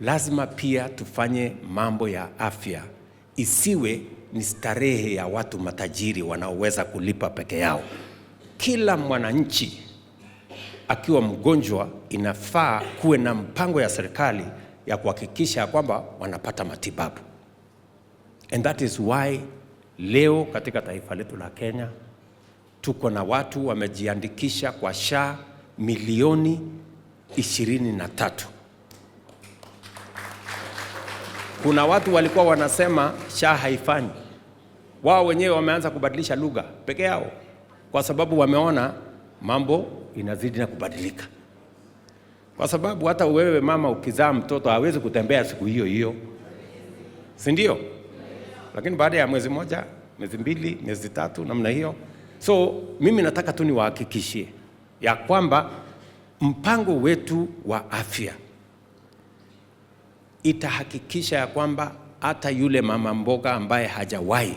lazima pia tufanye mambo ya afya, isiwe ni starehe ya watu matajiri wanaoweza kulipa peke yao. Kila mwananchi akiwa mgonjwa, inafaa kuwe na mpango ya serikali ya kuhakikisha kwamba wanapata matibabu, and that is why leo katika taifa letu la Kenya tuko na watu wamejiandikisha kwa SHA milioni ishirini na tatu Kuna watu walikuwa wanasema SHA haifanyi, wao wenyewe wameanza kubadilisha lugha peke yao, kwa sababu wameona mambo inazidi na kubadilika, kwa sababu hata wewe mama ukizaa mtoto hawezi kutembea siku hiyo hiyo, si ndio? Lakini baada ya mwezi moja, miezi mbili, miezi tatu, namna hiyo. So mimi nataka tu niwahakikishie ya kwamba mpango wetu wa afya itahakikisha ya kwamba hata yule mama mboga ambaye hajawahi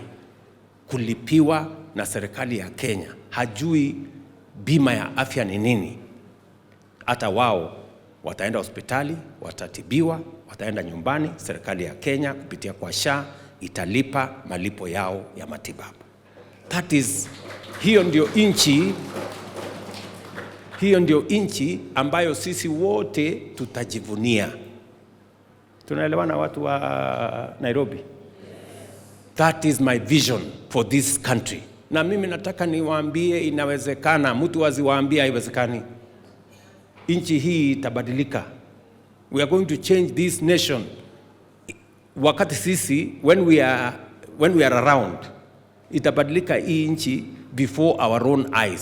kulipiwa na serikali ya Kenya, hajui bima ya afya ni nini, hata wao wataenda hospitali, watatibiwa, wataenda nyumbani. Serikali ya Kenya kupitia kwa SHA italipa malipo yao ya matibabu. That is, hiyo ndio inchi, hiyo ndio inchi ambayo sisi wote tutajivunia. Tunaelewana watu wa Nairobi? That is my vision for this country. Na mimi nataka niwaambie inawezekana, mtu waziwaambie haiwezekani. Nchi hii itabadilika. We are going to change this nation. Wakati sisi when we are, when we are around itabadilika hii nchi before our own eyes.